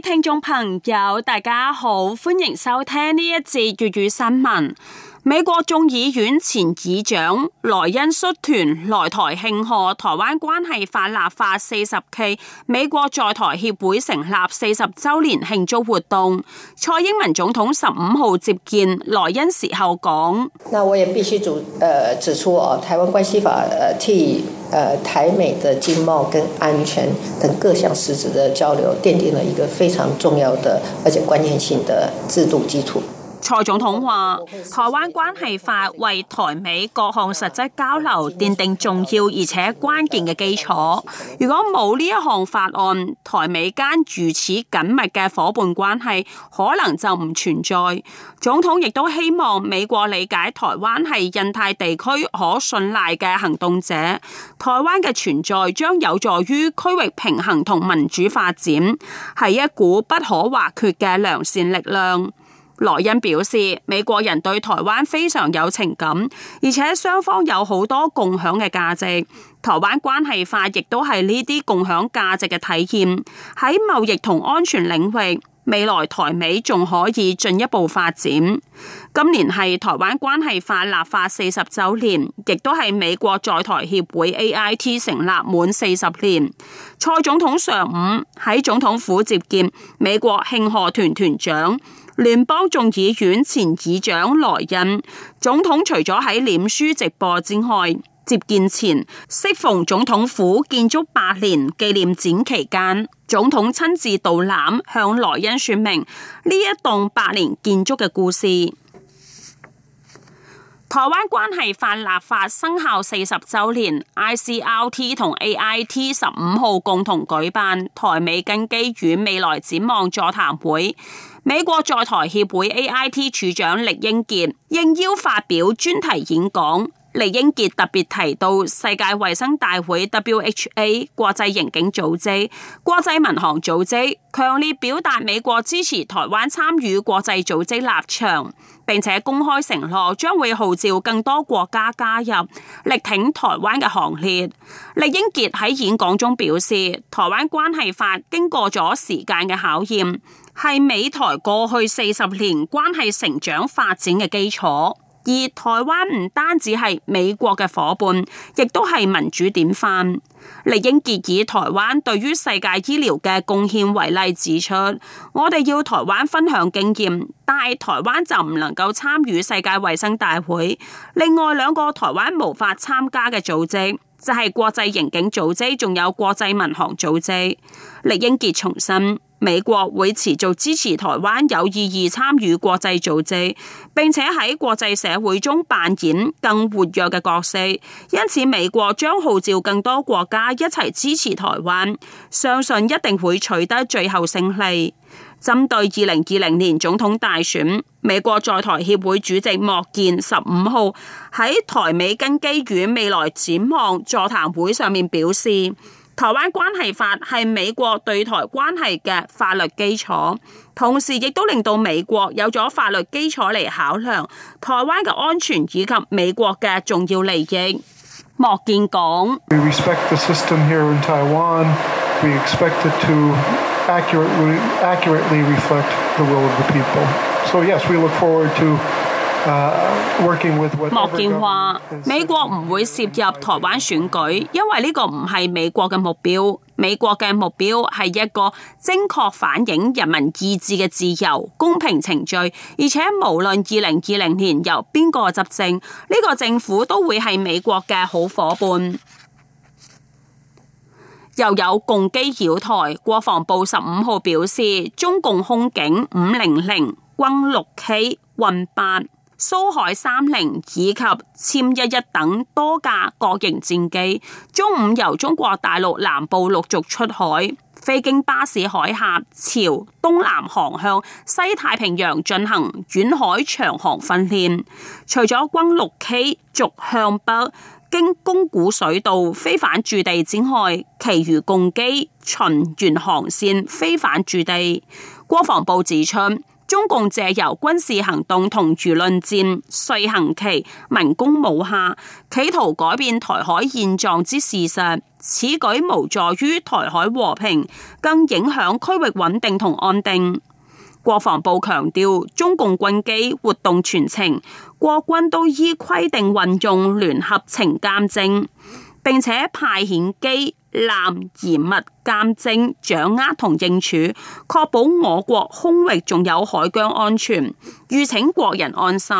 聽眾朋友，大家好，歡迎收聽呢一節粵語新聞。美國眾議院前議長萊恩率團來台慶賀台灣關係法立法四十期，美國在台協會成立四十週年慶祝活動，蔡英文總統十五號接見萊恩時候講：那我也必須指，誒指出哦、呃，台灣關係法，誒替，誒、呃、台美的經貿跟安全等各項實質的交流，奠定了一個非常重要的而且關鍵性的制度基礎。蔡總統話：台灣關係法為台美各項實質交流奠定重要而且關鍵嘅基礎。如果冇呢一項法案，台美間如此緊密嘅夥伴關係可能就唔存在。總統亦都希望美國理解台灣係印太地區可信賴嘅行動者。台灣嘅存在將有助於區域平衡同民主發展，係一股不可或缺嘅良善力量。萊恩表示，美國人對台灣非常有情感，而且雙方有好多共享嘅價值。台灣關係法亦都係呢啲共享價值嘅體現。喺貿易同安全領域，未來台美仲可以進一步發展。今年係台灣關係法立法四十週年，亦都係美國在台協會 AIT 成立滿四十年。蔡總統上午喺總統府接見美國慶賀團團長。聯邦眾議院前議長萊恩，總統除咗喺臉書直播之外接見前，適逢總統府建築百年紀念展期間，總統親自導覽，向萊恩說明呢一棟百年建築嘅故事。台灣關係法立法生效四十周年 ICRT 同 AIT 十五號共同舉辦台美根基與未來展望座談會，美國在台協會 AIT 處長酈英傑應邀發表專題演講。李英傑特別提到世界衛生大會 （WHA）、國際刑警組織、國際民航組織，強烈表達美國支持台灣參與國際組織立場，並且公開承諾將會號召更多國家加入，力挺台灣嘅行列。李英傑喺演講中表示，台灣關係法經過咗時間嘅考驗，係美台過去四十年關係成長發展嘅基礎。而台灣唔單止係美國嘅夥伴，亦都係民主典範。李英傑以台灣對於世界醫療嘅貢獻為例，指出我哋要台灣分享經驗，但係台灣就唔能夠參與世界衛生大會。另外兩個台灣無法參加嘅組織就係國際刑警組織，仲有國際民航組織。李英傑重申，美國會持續支持台灣有意義參與國際組織，並且喺國際社會中扮演更活躍嘅角色。因此，美國將號召更多國家一齊支持台灣，相信一定會取得最後勝利。針對二零二零年總統大選，美國在台協會主席莫健十五號喺台美根基與未來展望座談會上面表示。台灣關係法係美國對台關係嘅法律基礎，同時亦都令到美國有咗法律基礎嚟考量台灣嘅安全以及美國嘅重要利益。莫健講。We respect the system here in Taiwan. We expect it to accurately, accurately reflect the will of the people. So yes, we look forward to 莫健話：美國唔會涉入台灣選舉，因為呢個唔係美國嘅目標。美國嘅目標係一個精確反映人民意志嘅自由、公平程序，而且無論二零二零年由邊個執政，呢、這個政府都會係美國嘅好夥伴。又有共機擾台，國防部十五號表示，中共空警五零零、轟六 K 運八。蘇海三零以及殲一一等多架各型戰機，中午由中國大陸南部陸續出海，飛經巴士海峽、朝東南航向西太平洋進行遠海長航訓練。除咗轟六 K 逐向北經宮古水道飛返駐地展開，其餘共機巡原航線飛返駐地。國防部指出，中共借由軍事行動同輿論戰，遂行其文攻武嚇，企圖改變台海現狀之事實。此舉無助於台海和平，更影響區域穩定同安定。國防部強調，中共軍機活動全程國軍都依規定運用聯合情監偵，並且派遣機。嚴密監偵、掌握同應處，確保我國空域仲有海疆安全，籲請國人安心。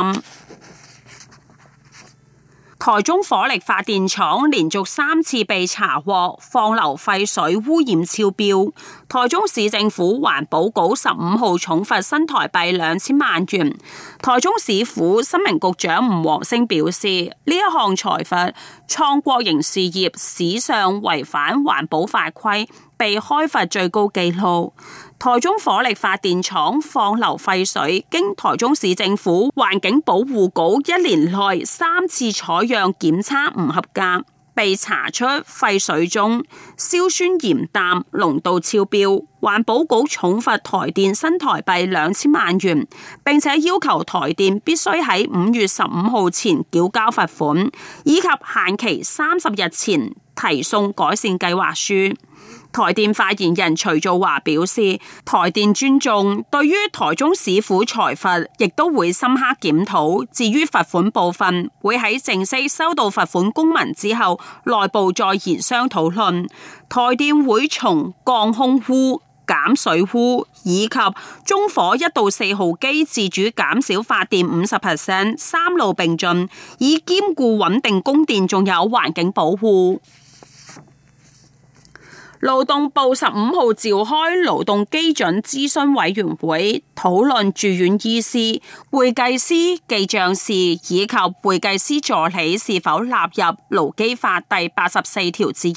台中火力發電廠連續三次被查獲放流廢水污染超標，台中市政府環保局十五號重罰新台幣兩千萬元。台中市府新聞局長吳皇昇表示，呢一項裁罰創國營事業史上違反環保法規，被開罰最高紀錄，台中火力發電廠放流廢水，經台中市政府環境保護局一年內三次採樣檢測唔合格，被查出廢水中硝酸鹽氮濃度超標，環保局重罰台電新台幣兩千萬元，並且要求台電必須喺五月十五號前繳交罰款，以及限期三十日前提送改善計劃書。台電發言人徐祖華表示，台電尊重對於台中市府裁罰，亦都會深刻檢討。至於罰款部分，會喺正式收到罰款公文之後，內部再研商討論。台電會從降空污、減水污以及中火一到四號機自主減少發電五十 percent，三路並進，以兼顧穩定供電，仲有環境保護。勞動部十五號召開勞動基準諮詢委員會討論住院醫師、會計師、記賬士以及會計師助理是否納入勞基法第八十四條之一，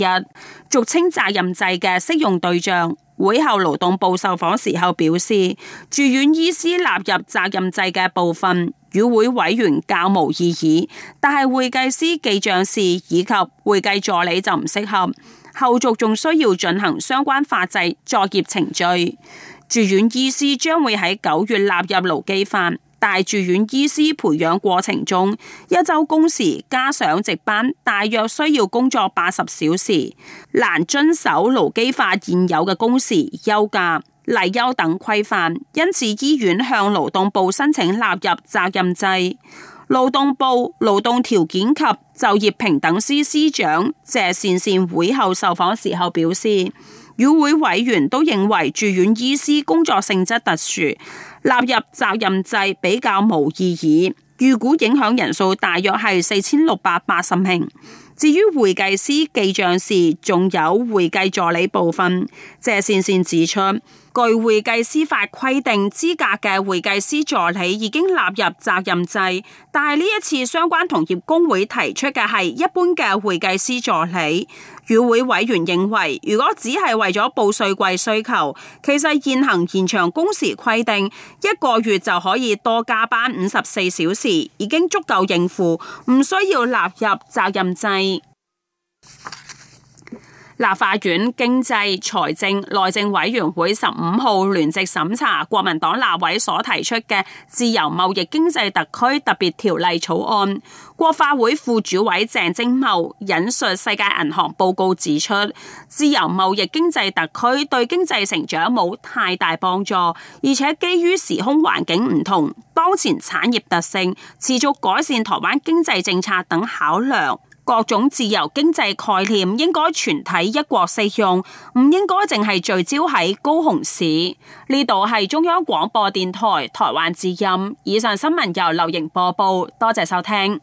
俗稱責任制嘅適用對象。會後勞動部受訪時候表示，住院醫師納入責任制嘅部分與會委員較無異議，但係會計師、記賬士以及會計助理就唔適合。後續仲需要進行相關法制作業程序，住院醫師將會喺九月納入勞基法，大住院醫師培養過程中，一周工時加上值班，大約需要工作八十小時，難遵守勞基法現有嘅工時、休假、例休等規範，因此醫院向勞動部申請納入責任制。勞動部勞動條件及就業平等司司長謝善善會後受訪時候表示，與會委員都認為住院醫師工作性質特殊，納入責任制比較無意義。預估影響人數大約係四千六百八十名。至於會計師、記帳士、仲有會計助理部分，謝善善指出。據會計師法規定，資格嘅會計師助理已經納入責任制，但係呢一次相關同業公會提出嘅係一般嘅會計師助理。與會委員認為，如果只係為咗報稅季需求，其實現行延長工時規定一個月就可以多加班五十四小時，已經足夠應付，唔需要納入責任制。立法院經濟財政內政委員會十五號聯席審查國民黨立委所提出嘅自由貿易經濟特區特別條例草案，國發會副主委鄭正茂引述世界銀行報告指出，自由貿易經濟特區對經濟成長冇太大幫助，而且基於時空環境唔同、當前產業特性、持續改善台灣經濟政策等考量。各種自由經濟概念應該全體一國四用，唔應該淨係聚焦喺高雄市。呢度係中央廣播電台台灣之音。以上新聞由劉瑩播報，多謝收聽。